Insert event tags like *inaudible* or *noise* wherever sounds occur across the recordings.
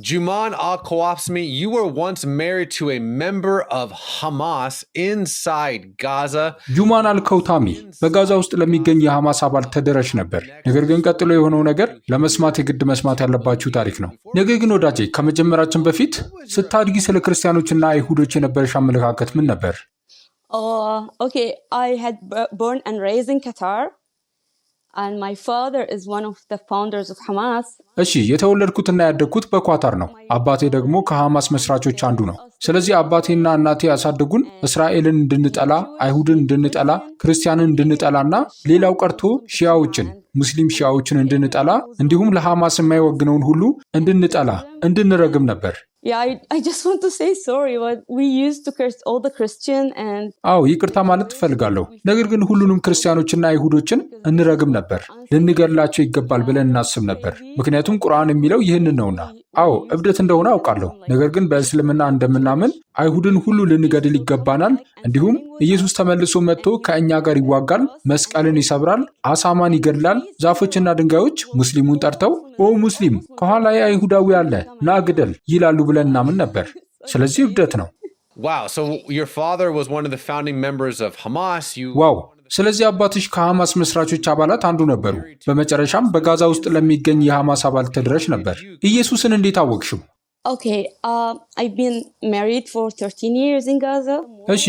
Juman Al Kawafsmi, you were once married to a member of Hamas inside Gaza. ጁማን አልከውታሚ በጋዛ ውስጥ ለሚገኝ የሐማስ አባል ተደራሽ ነበር። ነገር ግን ቀጥሎ የሆነው ነገር ለመስማት የግድ መስማት ያለባችሁ ታሪክ ነው። ነገር ግን ወዳጄ ከመጀመራችን በፊት ስታድጊ ስለ ክርስቲያኖችና አይሁዶች የነበረሽ አመለካከት ምን ነበር? ኦኬ አይ ሃድ ቦርን ኤንድ ሬይዝድ ኢን ካታር እሺ የተወለድኩትና ያደግኩት በኳታር ነው። አባቴ ደግሞ ከሐማስ መስራቾች አንዱ ነው። ስለዚህ አባቴና እናቴ ያሳደጉን እስራኤልን እንድንጠላ፣ አይሁድን እንድንጠላ፣ ክርስቲያንን እንድንጠላና ሌላው ቀርቶ ሺያዎችን ሙስሊም ሺያዎችን እንድንጠላ እንዲሁም ለሐማስ የማይወግነውን ሁሉ እንድንጠላ እንድንረግም ነበር። ያ አይ ጀስት ዋንት ቱ ሴይ ሶሪ ዊ ዩዝ ቱ ከርስ ኦል ዘ ክርስቲያን ኤንድ አዎ ይቅርታ ማለት ትፈልጋለሁ። ነገር ግን ሁሉንም ክርስቲያኖችና አይሁዶችን እንረግም ነበር፣ ልንገድላቸው ይገባል ብለን እናስብ ነበር፣ ምክንያቱም ቁርአን የሚለው ይህንን ነውና። አዎ እብደት እንደሆነ አውቃለሁ። ነገር ግን በእስልምና እንደምናምን አይሁድን ሁሉ ልንገድል ይገባናል። እንዲሁም ኢየሱስ ተመልሶ መጥቶ ከእኛ ጋር ይዋጋል፣ መስቀልን ይሰብራል፣ አሳማን ይገድላል። ዛፎችና ድንጋዮች ሙስሊሙን ጠርተው ኦ ሙስሊም ከኋላ አይሁዳዊ አለ ና ግደል ይላሉ ብለን እናምን ነበር። ስለዚህ እብደት ነው። ዋው ስለዚህ አባትሽ ከሐማስ መስራቾች አባላት አንዱ ነበሩ። በመጨረሻም በጋዛ ውስጥ ለሚገኝ የሐማስ አባል ተድረሽ ነበር። ኢየሱስን እንዴት አወቅሽው? እሺ፣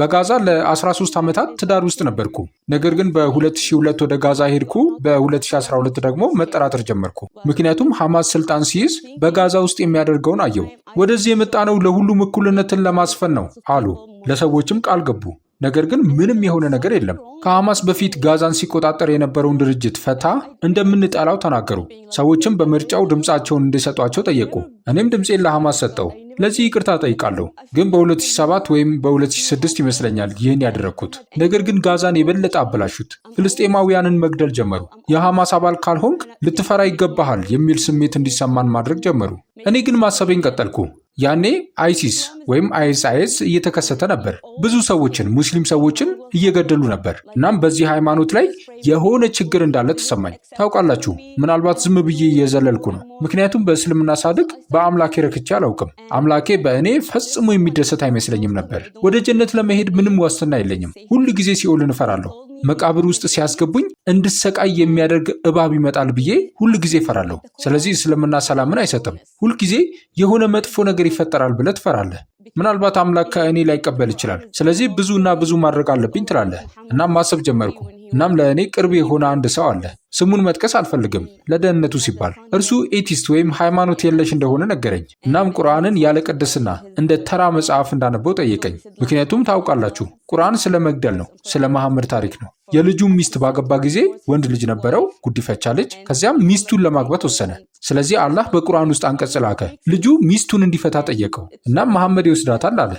በጋዛ ለ13 ዓመታት ትዳር ውስጥ ነበርኩ። ነገር ግን በ2002 ወደ ጋዛ ሄድኩ። በ2012 ደግሞ መጠራጠር ጀመርኩ። ምክንያቱም ሐማስ ስልጣን ሲይዝ በጋዛ ውስጥ የሚያደርገውን አየው። ወደዚህ የመጣነው ለሁሉም እኩልነትን ለማስፈን ነው አሉ። ለሰዎችም ቃል ገቡ። ነገር ግን ምንም የሆነ ነገር የለም። ከሐማስ በፊት ጋዛን ሲቆጣጠር የነበረውን ድርጅት ፈታ እንደምንጠላው ተናገሩ። ሰዎችም በምርጫው ድምፃቸውን እንዲሰጧቸው ጠየቁ። እኔም ድምፄን ለሐማስ ሰጠው። ለዚህ ይቅርታ ጠይቃለሁ። ግን በ2007 ወይም በ2006 ይመስለኛል ይህን ያደረግኩት። ነገር ግን ጋዛን የበለጠ አበላሹት። ፍልስጤማውያንን መግደል ጀመሩ። የሐማስ አባል ካልሆንክ ልትፈራ ይገባሃል የሚል ስሜት እንዲሰማን ማድረግ ጀመሩ። እኔ ግን ማሰቤን ቀጠልኩ። ያኔ አይሲስ ወይም አይኤስአይኤስ እየተከሰተ ነበር። ብዙ ሰዎችን ሙስሊም ሰዎችን እየገደሉ ነበር። እናም በዚህ ሃይማኖት ላይ የሆነ ችግር እንዳለ ተሰማኝ። ታውቃላችሁ፣ ምናልባት ዝም ብዬ እየዘለልኩ ነው፣ ምክንያቱም በእስልምና ሳድቅ በአምላክ ረክቼ አላውቅም። አምላኬ በእኔ ፈጽሞ የሚደሰት አይመስለኝም ነበር። ወደ ጀነት ለመሄድ ምንም ዋስትና የለኝም። ሁል ጊዜ ሲኦልን እፈራለሁ። መቃብር ውስጥ ሲያስገቡኝ እንድሰቃይ የሚያደርግ እባብ ይመጣል ብዬ ሁል ጊዜ እፈራለሁ። ስለዚህ እስልምና ሰላምን አይሰጥም። ሁልጊዜ የሆነ መጥፎ ነገር ይፈጠራል ብለህ ትፈራለህ። ምናልባት አምላክ ከእኔ ላይቀበል ይችላል። ስለዚህ ብዙና ብዙ ማድረግ አለብኝ ትላለህ። እናም ማሰብ ጀመርኩ። እናም ለእኔ ቅርብ የሆነ አንድ ሰው አለ። ስሙን መጥቀስ አልፈልግም ለደህንነቱ ሲባል። እርሱ ኤቲስት ወይም ሃይማኖት የለሽ እንደሆነ ነገረኝ። እናም ቁርአንን ያለ ቅድስና እንደ ተራ መጽሐፍ እንዳነበው ጠየቀኝ። ምክንያቱም ታውቃላችሁ ቁርአን ስለ መግደል ነው፣ ስለ መሐመድ ታሪክ ነው። የልጁን ሚስት ባገባ ጊዜ ወንድ ልጅ ነበረው፣ ጉዲፈቻ ልጅ። ከዚያም ሚስቱን ለማግባት ወሰነ። ስለዚህ አላህ በቁርአን ውስጥ አንቀጽ ላከ። ልጁ ሚስቱን እንዲፈታ ጠየቀው። እናም መሐመድ ይወስዳታል አለ።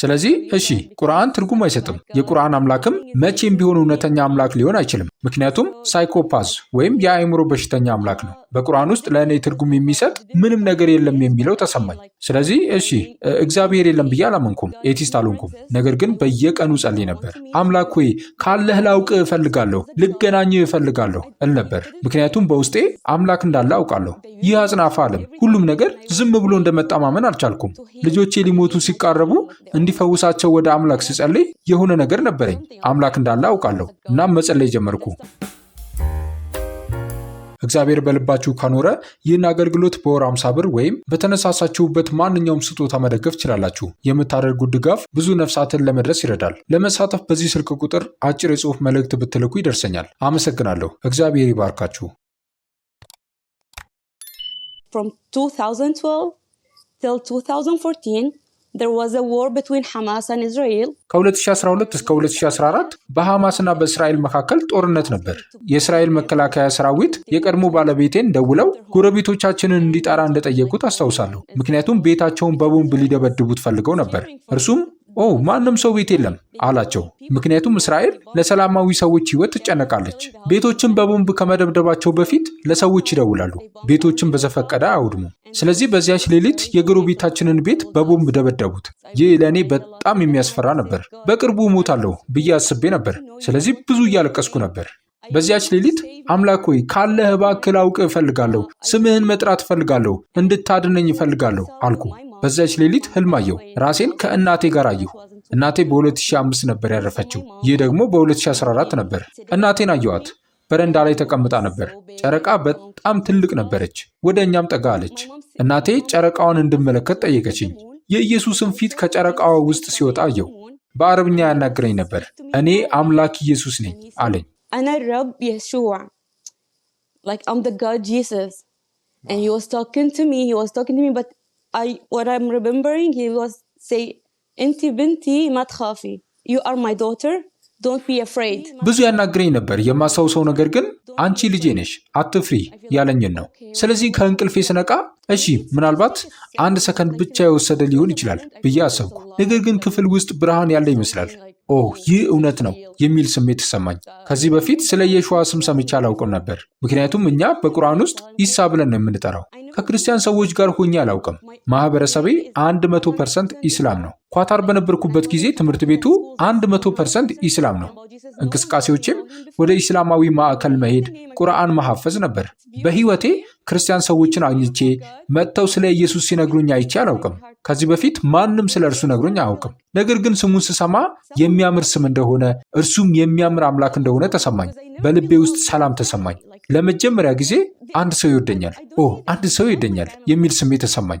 ስለዚህ እሺ ቁርአን ትርጉም አይሰጥም። የቁርአን አምላክም መቼም ቢሆን እውነተኛ አምላክ ሊሆን አይችልም። ምክንያቱም ሳይኮፓዝ ወይም የአእምሮ በሽተኛ አምላክ ነው። በቁርአን ውስጥ ለእኔ ትርጉም የሚሰጥ ምንም ነገር የለም የሚለው ተሰማኝ። ስለዚህ እሺ እግዚአብሔር የለም ብዬ አላመንኩም፣ ኤቲስት አልሆንኩም። ነገር ግን በየቀኑ ጸልይ ነበር። አምላክ ሆይ ካለህ ላውቅ እፈልጋለሁ፣ ልገናኝ እፈልጋለሁ እል ነበር። ምክንያቱም በውስጤ አምላክ እንዳለ አውቃለሁ። ይህ አጽናፈ ዓለም ሁሉም ነገር ዝም ብሎ እንደመጣ ማመን አልቻልኩም። ልጆቼ ሊሞቱ ሲቃረቡ እንዲፈውሳቸው ወደ አምላክ ስጸልይ የሆነ ነገር ነበረኝ። አምላክ እንዳለ አውቃለሁ። እናም መጸለይ ጀመርኩ። እግዚአብሔር በልባችሁ ካኖረ ይህን አገልግሎት በወር አምሳ ብር ወይም በተነሳሳችሁበት ማንኛውም ስጦታ መደገፍ ትችላላችሁ። የምታደርጉት ድጋፍ ብዙ ነፍሳትን ለመድረስ ይረዳል። ለመሳተፍ በዚህ ስልክ ቁጥር አጭር የጽሑፍ መልእክት ብትልኩ ይደርሰኛል። አመሰግናለሁ። እግዚአብሔር ይባርካችሁ። From 2012 till 2014 ከ2012 እስከ 2014 በሐማስና በእስራኤል መካከል ጦርነት ነበር። የእስራኤል መከላከያ ሰራዊት የቀድሞ ባለቤቴን ደውለው ጎረቤቶቻችንን እንዲጠራ እንደጠየቁት አስታውሳለሁ። ምክንያቱም ቤታቸውን በቦምብ ሊደበድቡት ፈልገው ነበር። እርሱም ኦ ማንም ሰው ቤት የለም አላቸው። ምክንያቱም እስራኤል ለሰላማዊ ሰዎች ሕይወት ትጨነቃለች። ቤቶችን በቦምብ ከመደብደባቸው በፊት ለሰዎች ይደውላሉ። ቤቶችን በዘፈቀደ አያውድሙ። ስለዚህ በዚያች ሌሊት የጎረቤታችንን ቤት በቦምብ ደበደቡት። ይህ ለእኔ በጣም የሚያስፈራ ነበር። በቅርቡ እሞታለሁ ብዬ አስቤ ነበር። ስለዚህ ብዙ እያለቀስኩ ነበር። በዚያች ሌሊት አምላክ ሆይ ካለህ እባክህ ላውቅህ እፈልጋለሁ። ስምህን መጥራት እፈልጋለሁ። እንድታድነኝ እፈልጋለሁ አልኩ። በዚያች ሌሊት ህልም አየሁ። ራሴን ከእናቴ ጋር አየሁ። እናቴ በ2005 ነበር ያረፈችው። ይህ ደግሞ በ2014 ነበር። እናቴን አየዋት በረንዳ ላይ ተቀምጣ ነበር። ጨረቃ በጣም ትልቅ ነበረች። ወደ እኛም ጠጋ አለች። እናቴ ጨረቃውን እንድመለከት ጠየቀችኝ። የኢየሱስን ፊት ከጨረቃዋ ውስጥ ሲወጣ አየሁ። በአረብኛ ያናግረኝ ነበር። እኔ አምላክ ኢየሱስ ነኝ አለኝ። ረብ I what I'm remembering he was say انت بنتي ما تخافي you are my daughter don't be afraid ብዙ ያናግረኝ ነበር። የማስታውሰው ነገር ግን አንቺ ልጄ ነሽ አትፍሪ ያለኝን ነው። ስለዚህ ከእንቅልፌ ስነቃ እሺ ምናልባት አንድ ሰከንድ ብቻ የወሰደ ሊሆን ይችላል ብዬ አሰብኩ። ነገር ግን ክፍል ውስጥ ብርሃን ያለ ይመስላል። ኦ ይህ እውነት ነው የሚል ስሜት ተሰማኝ። ከዚህ በፊት ስለ የሸዋ ስም ሰምቼ አላውቅም ነበር፣ ምክንያቱም እኛ በቁርአን ውስጥ ኢሳ ብለን ነው የምንጠራው። ከክርስቲያን ሰዎች ጋር ሆኜ አላውቅም። ማህበረሰቤ 100 ኢስላም ነው። ኳታር በነበርኩበት ጊዜ ትምህርት ቤቱ 100 ኢስላም ነው። እንቅስቃሴዎቼም ወደ ኢስላማዊ ማዕከል መሄድ፣ ቁርአን መሐፈዝ ነበር። በህይወቴ ክርስቲያን ሰዎችን አግኝቼ መጥተው ስለ ኢየሱስ ሲነግሩኝ አይቼ አላውቅም። ከዚህ በፊት ማንም ስለ እርሱ ነግሮኝ አያውቅም። ነገር ግን ስሙን ስሰማ የሚያምር ስም እንደሆነ እርሱም የሚያምር አምላክ እንደሆነ ተሰማኝ። በልቤ ውስጥ ሰላም ተሰማኝ። ለመጀመሪያ ጊዜ አንድ ሰው ይወደኛል፣ ኦ አንድ ሰው ይወደኛል የሚል ስሜት ተሰማኝ።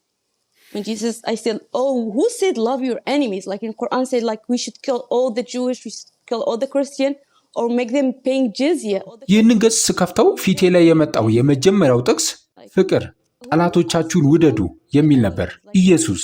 when Jesus, I said, oh, who said love your enemies? Like in Quran said, like we should kill all the Jewish, we should kill all the Christian. ይህንን ገጽ ስከፍተው ፊቴ ላይ የመጣው የመጀመሪያው ጥቅስ ፍቅር oh, ጠላቶቻችሁን ውደዱ የሚል ነበር። ኢየሱስ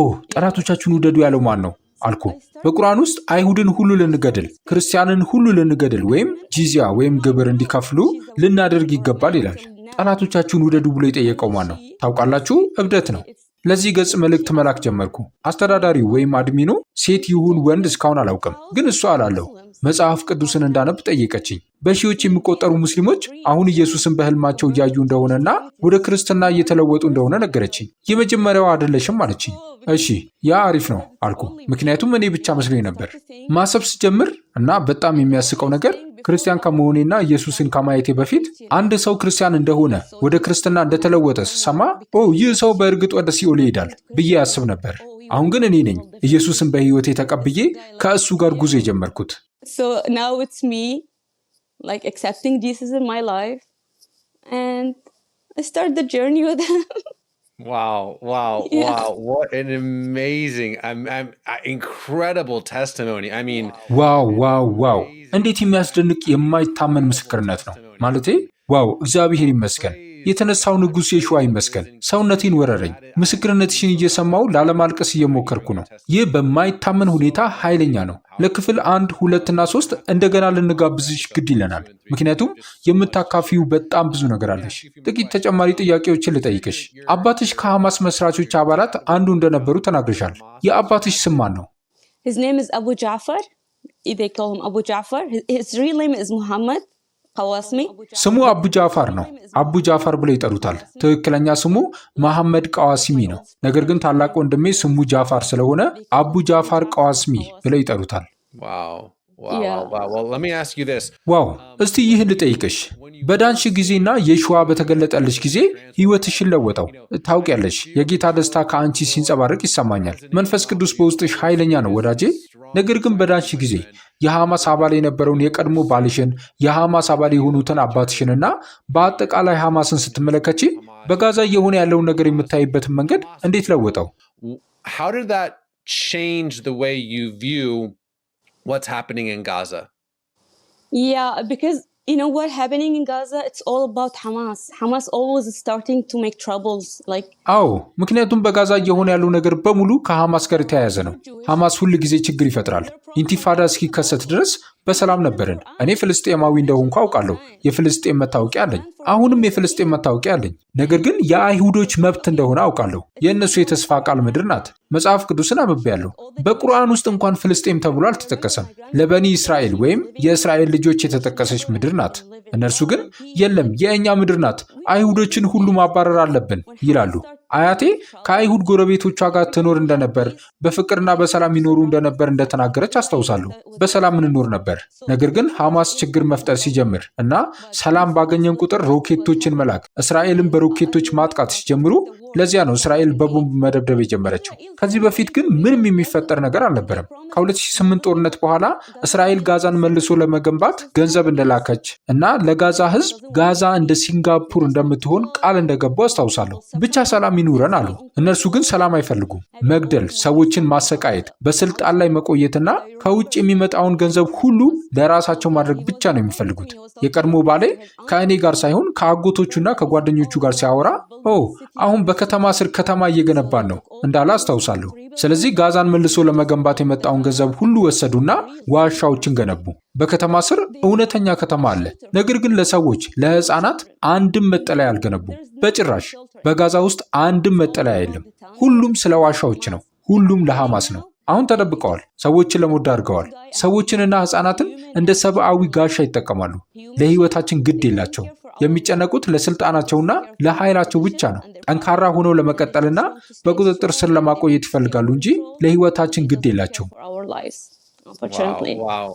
ኦ ጠላቶቻችሁን ውደዱ ያለው ማን ነው አልኩ። በቁርአን ውስጥ አይሁድን ሁሉ ልንገድል፣ ክርስቲያንን ሁሉ ልንገድል ወይም ጂዚያ ወይም ግብር እንዲከፍሉ ልናደርግ ይገባል ይላል። ጠላቶቻችሁን ውደዱ ብሎ የጠየቀው ማን ነው? ታውቃላችሁ፣ እብደት ነው። ለዚህ ገጽ መልእክት መላክ ጀመርኩ። አስተዳዳሪው ወይም አድሚኑ ሴት ይሁን ወንድ እስካሁን አላውቅም፣ ግን እሱ አላለሁ መጽሐፍ ቅዱስን እንዳነብ ጠየቀችኝ። በሺዎች የሚቆጠሩ ሙስሊሞች አሁን ኢየሱስን በህልማቸው እያዩ እንደሆነና ወደ ክርስትና እየተለወጡ እንደሆነ ነገረችኝ። የመጀመሪያው አይደለሽም አለችኝ። እሺ ያ አሪፍ ነው አልኩ፣ ምክንያቱም እኔ ብቻ መስሎኝ ነበር። ማሰብ ስጀምር እና በጣም የሚያስቀው ነገር ክርስቲያን ከመሆኔና ኢየሱስን ከማየቴ በፊት አንድ ሰው ክርስቲያን እንደሆነ ወደ ክርስትና እንደተለወጠ ስሰማ ኦ ይህ ሰው በእርግጥ ወደ ሲኦል ይሄዳል ብዬ ያስብ ነበር። አሁን ግን እኔ ነኝ ኢየሱስን በሕይወቴ ተቀብዬ ከእሱ ጋር ጉዞ የጀመርኩት። ስ Wow! Wow! *laughs* Yeah. Wow! What an amazing, I'm, I'm, incredible testimony. I mean, wow! wow! wow! እንዴት የሚያስደንቅ የማይታመን ምስክርነት ነው ማለቴ ዋው! እግዚአብሔር ይመስገን። የተነሳው ንጉሥ የሸዋ ይመስገን ሰውነቴን ወረረኝ። ምስክርነትሽን እየሰማው ላለማልቀስ እየሞከርኩ ነው። ይህ በማይታመን ሁኔታ ኃይለኛ ነው። ለክፍል አንድ ሁለትና ሶስት እንደገና ልንጋብዝሽ ግድ ይለናል። ምክንያቱም የምታካፊው በጣም ብዙ ነገር አለሽ። ጥቂት ተጨማሪ ጥያቄዎችን ልጠይቅሽ። አባትሽ ከሐማስ መስራቾች አባላት አንዱ እንደነበሩ ተናግረሻል። የአባትሽ ስም ማን ነው? አቡ ሙሐመድ ስሙ አቡ ጃፋር ነው። አቡ ጃፋር ብለው ይጠሩታል። ትክክለኛ ስሙ መሐመድ ቀዋስሚ ነው። ነገር ግን ታላቅ ወንድሜ ስሙ ጃፋር ስለሆነ አቡ ጃፋር ቀዋስሚ ብለው ይጠሩታል። ዋው እስቲ ይህን um, ልጠይቅሽ፣ በዳንሽ ጊዜና የሸዋ በተገለጠልሽ ጊዜ ህይወትሽን ለወጠው። ታውቂያለሽ፣ የጌታ ደስታ ከአንቺ ሲንጸባረቅ ይሰማኛል። መንፈስ ቅዱስ በውስጥሽ ኃይለኛ ነው ወዳጄ። ነገር ግን በዳንሽ ጊዜ የሐማስ አባል የነበረውን የቀድሞ ባልሽን፣ የሐማስ አባል የሆኑትን አባትሽንና በአጠቃላይ ሐማስን ስትመለከች በጋዛ እየሆነ ያለውን ነገር የምታይበትን መንገድ እንዴት ለወጠው? what's happening in Gaza? Yeah, because you know what's happening in Gaza? It's all about Hamas. Hamas always starting to make troubles like አዎ ምክንያቱም በጋዛ እየሆነ ያለው ነገር በሙሉ ከሐማስ ጋር የተያያዘ ነው። ሐማስ ሁል ጊዜ ችግር ይፈጥራል። ኢንቲፋዳ እስኪከሰት ድረስ በሰላም ነበርን። እኔ ፍልስጤማዊ እንደሆንኩ አውቃለሁ። የፍልስጤም መታወቂያ አለኝ። አሁንም የፍልስጤም መታወቂያ አለኝ። ነገር ግን የአይሁዶች መብት እንደሆነ አውቃለሁ። የእነሱ የተስፋ ቃል ምድር ናት። መጽሐፍ ቅዱስን አንብቤያለሁ። በቁርአን ውስጥ እንኳን ፍልስጤም ተብሎ አልተጠቀሰም። ለበኒ እስራኤል ወይም የእስራኤል ልጆች የተጠቀሰች ምድር ናት። እነርሱ ግን የለም የእኛ ምድር ናት፣ አይሁዶችን ሁሉ ማባረር አለብን ይላሉ። አያቴ ከአይሁድ ጎረቤቶቿ ጋር ትኖር እንደነበር፣ በፍቅርና በሰላም ይኖሩ እንደነበር እንደተናገረች አስታውሳለሁ። በሰላም እንኖር ነበር። ነገር ግን ሐማስ ችግር መፍጠር ሲጀምር እና ሰላም ባገኘን ቁጥር ሮኬቶችን መላክ፣ እስራኤልን በሮኬቶች ማጥቃት ሲጀምሩ ለዚያ ነው እስራኤል በቦምብ መደብደብ የጀመረችው። ከዚህ በፊት ግን ምንም የሚፈጠር ነገር አልነበረም። ከ2008 ጦርነት በኋላ እስራኤል ጋዛን መልሶ ለመገንባት ገንዘብ እንደላከች እና ለጋዛ ሕዝብ ጋዛ እንደ ሲንጋፑር እንደምትሆን ቃል እንደገቡ አስታውሳለሁ። ብቻ ሰላም ይኑረን አሉ። እነርሱ ግን ሰላም አይፈልጉም። መግደል፣ ሰዎችን ማሰቃየት፣ በስልጣን ላይ መቆየትና ከውጭ የሚመጣውን ገንዘብ ሁሉ ለራሳቸው ማድረግ ብቻ ነው የሚፈልጉት። የቀድሞ ባሌ ከእኔ ጋር ሳይሆን ከአጎቶቹና ከጓደኞቹ ጋር ሲያወራ አሁን በ ከተማ ስር ከተማ እየገነባን ነው እንዳለ አስታውሳለሁ። ስለዚህ ጋዛን መልሶ ለመገንባት የመጣውን ገንዘብ ሁሉ ወሰዱና ዋሻዎችን ገነቡ። በከተማ ስር እውነተኛ ከተማ አለ። ነገር ግን ለሰዎች ለህፃናት አንድም መጠለያ አልገነቡም። በጭራሽ በጋዛ ውስጥ አንድም መጠለያ የለም። ሁሉም ስለ ዋሻዎች ነው። ሁሉም ለሐማስ ነው። አሁን ተደብቀዋል። ሰዎችን ለሞት ዳርገዋል። ሰዎችንና ህፃናትን እንደ ሰብአዊ ጋሻ ይጠቀማሉ። ለህይወታችን ግድ የላቸውም። የሚጨነቁት ለስልጣናቸውና ለኃይላቸው ብቻ ነው። ጠንካራ ሆነው ለመቀጠልና በቁጥጥር ስር ለማቆየት ይፈልጋሉ እንጂ ለህይወታችን ግድ የላቸውም። ዋው!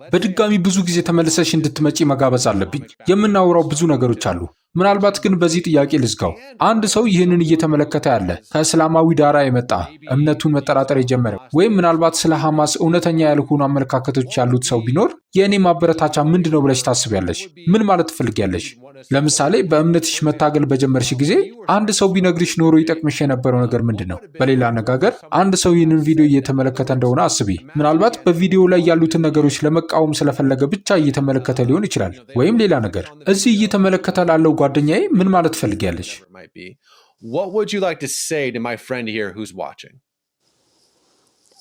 Uh, በድጋሚ ብዙ ጊዜ ተመልሰሽ እንድትመጪ መጋበዝ አለብኝ። የምናወራው ብዙ ነገሮች አሉ። ምናልባት ግን በዚህ ጥያቄ ልዝጋው። አንድ ሰው ይህንን እየተመለከተ ያለ ከእስላማዊ ዳራ የመጣ እምነቱን መጠራጠር የጀመረ ወይም ምናልባት ስለ ሐማስ እውነተኛ ያልሆኑ አመለካከቶች ያሉት ሰው ቢኖር የእኔ ማበረታቻ ምንድን ነው ብለሽ ታስቢያለሽ? ምን ማለት ትፈልጊያለሽ? ለምሳሌ በእምነትሽ መታገል በጀመርሽ ጊዜ አንድ ሰው ቢነግርሽ ኖሮ ይጠቅምሽ የነበረው ነገር ምንድን ነው? በሌላ አነጋገር አንድ ሰው ይህንን ቪዲዮ እየተመለከተ እንደሆነ አስቢ። ምናልባት በቪዲዮ ላይ ያሉትን ነገሮች ለመቃወም ስለፈለገ ብቻ እየተመለከተ ሊሆን ይችላል። ወይም ሌላ ነገር። እዚህ እየተመለከተ ላለው ጓደኛዬ ምን ማለት ትፈልጊያለሽ?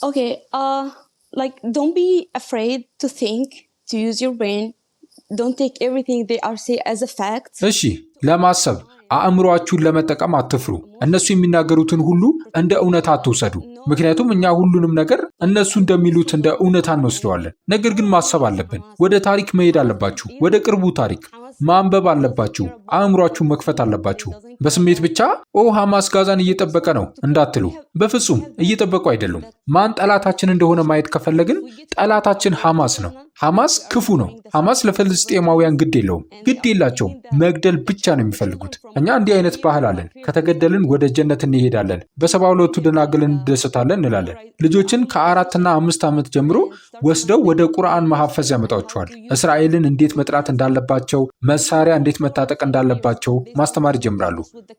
ኦኬ ዶንት ቢ አፍሬድ ቱ ቲንክ ቱ ዩዝ ዮር ብሬን እሺ ለማሰብ አእምሯችሁን ለመጠቀም አትፍሩ። እነሱ የሚናገሩትን ሁሉ እንደ እውነት አትውሰዱ፣ ምክንያቱም እኛ ሁሉንም ነገር እነሱ እንደሚሉት እንደ እውነት እንወስደዋለን። ነገር ግን ማሰብ አለብን። ወደ ታሪክ መሄድ አለባችሁ። ወደ ቅርቡ ታሪክ ማንበብ አለባችሁ። አእምሯችሁን መክፈት አለባችሁ። በስሜት ብቻ ኦ ሐማስ ጋዛን እየጠበቀ ነው እንዳትሉ፣ በፍጹም እየጠበቁ አይደሉም። ማን ጠላታችን እንደሆነ ማየት ከፈለግን ጠላታችን ሐማስ ነው። ሐማስ ክፉ ነው። ሐማስ ለፍልስጤማውያን ግድ የለውም፣ ግድ የላቸውም። መግደል ብቻ ነው የሚፈልጉት። እኛ እንዲህ አይነት ባህል አለን። ከተገደልን ወደ ጀነት እንሄዳለን፣ በሰባ ሁለቱ ደናግል እንደሰታለን እንላለን። ልጆችን ከአራትና አምስት ዓመት ጀምሮ ወስደው ወደ ቁርአን መሐፈዝ ያመጣቸዋል። እስራኤልን እንዴት መጥራት እንዳለባቸው፣ መሳሪያ እንዴት መታጠቅ እንዳለባቸው ማስተማር ይጀምራሉ።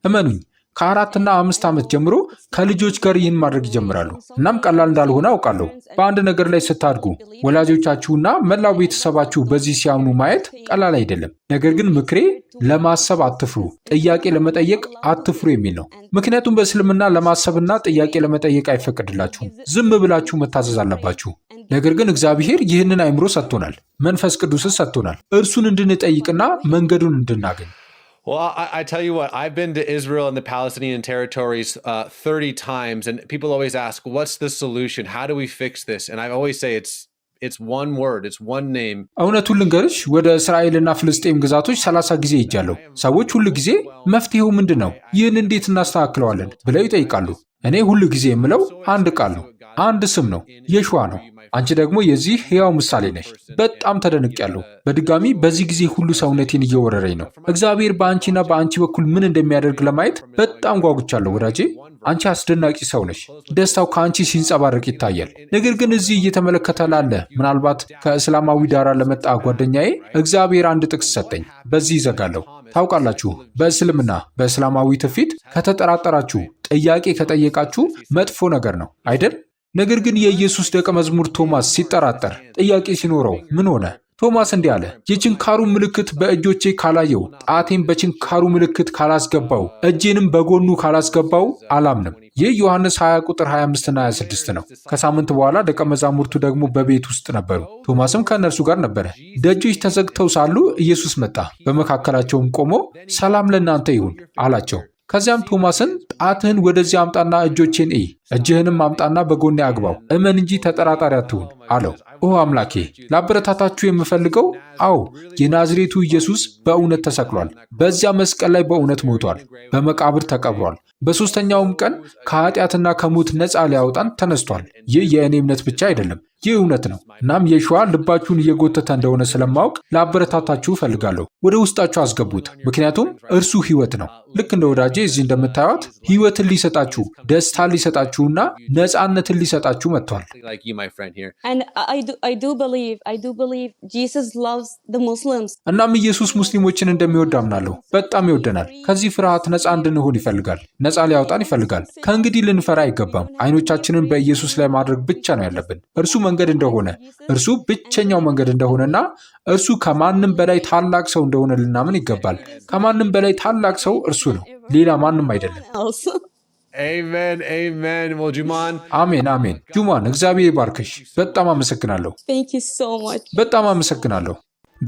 እመኑኝ ከአራትና አምስት ዓመት ጀምሮ ከልጆች ጋር ይህን ማድረግ ይጀምራሉ። እናም ቀላል እንዳልሆነ አውቃለሁ። በአንድ ነገር ላይ ስታድጉ ወላጆቻችሁና መላው ቤተሰባችሁ በዚህ ሲያምኑ ማየት ቀላል አይደለም። ነገር ግን ምክሬ ለማሰብ አትፍሩ፣ ጥያቄ ለመጠየቅ አትፍሩ የሚል ነው። ምክንያቱም በእስልምና ለማሰብና ጥያቄ ለመጠየቅ አይፈቀድላችሁም። ዝም ብላችሁ መታዘዝ አለባችሁ። ነገር ግን እግዚአብሔር ይህንን አይምሮ ሰጥቶናል፣ መንፈስ ቅዱስን ሰጥቶናል፣ እርሱን እንድንጠይቅና መንገዱን እንድናገኝ Well, I, I, tell you what, I've been to Israel and the Palestinian territories uh, 30 times, and people always ask, "What's the solution? How do we fix this?" And I always say, "It's it's one word, it's one name." እውነቱን ልንገርሽ ወደ እስራኤልና ፍልስጤም ግዛቶች 30 ጊዜ ይጃለሁ። ሰዎች ጊዜ መፍትሄው ምንድን ነው፣ ይህን እንዴት እናስተካክለዋለን ብለው ይጠይቃሉ። እኔ ጊዜ የምለው አንድ ቃል ነው፣ አንድ ስም ነው፣ የሸዋ ነው። አንቺ ደግሞ የዚህ ሕያው ምሳሌ ነሽ። በጣም ተደንቄያለሁ። በድጋሚ በዚህ ጊዜ ሁሉ ሰውነቴን እየወረረኝ ነው። እግዚአብሔር በአንቺና በአንቺ በኩል ምን እንደሚያደርግ ለማየት በጣም ጓጉቻለሁ ወዳጄ። አንቺ አስደናቂ ሰው ነሽ። ደስታው ከአንቺ ሲንጸባረቅ ይታያል። ነገር ግን እዚህ እየተመለከተ ላለ ምናልባት ከእስላማዊ ዳራ ለመጣ ጓደኛዬ እግዚአብሔር አንድ ጥቅስ ሰጠኝ። በዚህ ይዘጋለሁ። ታውቃላችሁ፣ በእስልምና በእስላማዊ ትውፊት ከተጠራጠራችሁ፣ ጥያቄ ከጠየቃችሁ መጥፎ ነገር ነው አይደል? ነገር ግን የኢየሱስ ደቀ መዝሙር ቶማስ ሲጠራጠር ጥያቄ ሲኖረው ምን ሆነ? ቶማስ እንዲህ አለ፣ የችንካሩ ምልክት በእጆቼ ካላየው፣ ጣቴን በችንካሩ ምልክት ካላስገባው፣ እጄንም በጎኑ ካላስገባው አላምንም። ይህ ዮሐንስ 20 ቁጥር 25ና 26 ነው። ከሳምንት በኋላ ደቀ መዛሙርቱ ደግሞ በቤት ውስጥ ነበሩ፣ ቶማስም ከእነርሱ ጋር ነበረ። ደጆች ተዘግተው ሳሉ ኢየሱስ መጣ፣ በመካከላቸውም ቆሞ ሰላም ለእናንተ ይሁን አላቸው። ከዚያም ቶማስን ጣትህን ወደዚህ አምጣና እጆቼን እይ፣ እጅህንም አምጣና በጎኔ አግባው፣ እመን እንጂ ተጠራጣሪ አትሁን አለው። ኦ አምላኬ፣ ላበረታታችሁ የምፈልገው አዎ፣ የናዝሬቱ ኢየሱስ በእውነት ተሰቅሏል። በዚያ መስቀል ላይ በእውነት ሞቷል፣ በመቃብር ተቀብሯል፣ በሦስተኛውም ቀን ከኃጢአትና ከሞት ነፃ ሊያወጣን ተነስቷል። ይህ የእኔ እምነት ብቻ አይደለም፣ ይህ እውነት ነው። እናም የሸዋ ልባችሁን እየጎተተ እንደሆነ ስለማወቅ ላበረታታችሁ እፈልጋለሁ። ወደ ውስጣችሁ አስገቡት፣ ምክንያቱም እርሱ ሕይወት ነው። ልክ እንደ ወዳጄ እዚህ እንደምታዩት ሕይወትን ሊሰጣችሁ፣ ደስታ ሊሰጣችሁና ነፃነትን ሊሰጣችሁ መጥቷል። እናም ኢየሱስ ሙስሊሞችን እንደሚወድ አምናለሁ። በጣም ይወደናል። ከዚህ ፍርሃት ነፃ እንድንሆን ይፈልጋል። ነፃ ሊያወጣን ይፈልጋል። ከእንግዲህ ልንፈራ አይገባም። አይኖቻችንን በኢየሱስ ላይ ማድረግ ብቻ ነው ያለብን። እርሱ መንገድ እንደሆነ፣ እርሱ ብቸኛው መንገድ እንደሆነና እርሱ ከማንም በላይ ታላቅ ሰው እንደሆነ ልናምን ይገባል። ከማንም በላይ ታላቅ ሰው እርሱ ነው፣ ሌላ ማንም አይደለም። አሜን አሜን። ጁማን እግዚአብሔር ይባርክሽ። በጣም አመሰግናለሁ። በጣም አመሰግናለሁ።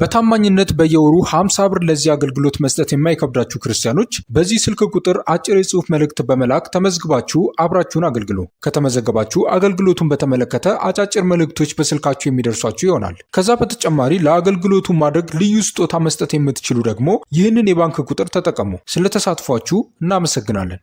በታማኝነት በየወሩ 50 ብር ለዚህ አገልግሎት መስጠት የማይከብዳችሁ ክርስቲያኖች በዚህ ስልክ ቁጥር አጭር የጽሑፍ መልእክት በመላክ ተመዝግባችሁ አብራችሁን አገልግሉ። ከተመዘገባችሁ አገልግሎቱን በተመለከተ አጫጭር መልእክቶች በስልካችሁ የሚደርሷችሁ ይሆናል። ከዛ በተጨማሪ ለአገልግሎቱ ማድረግ ልዩ ስጦታ መስጠት የምትችሉ ደግሞ ይህንን የባንክ ቁጥር ተጠቀሙ። ስለተሳትፏችሁ እናመሰግናለን።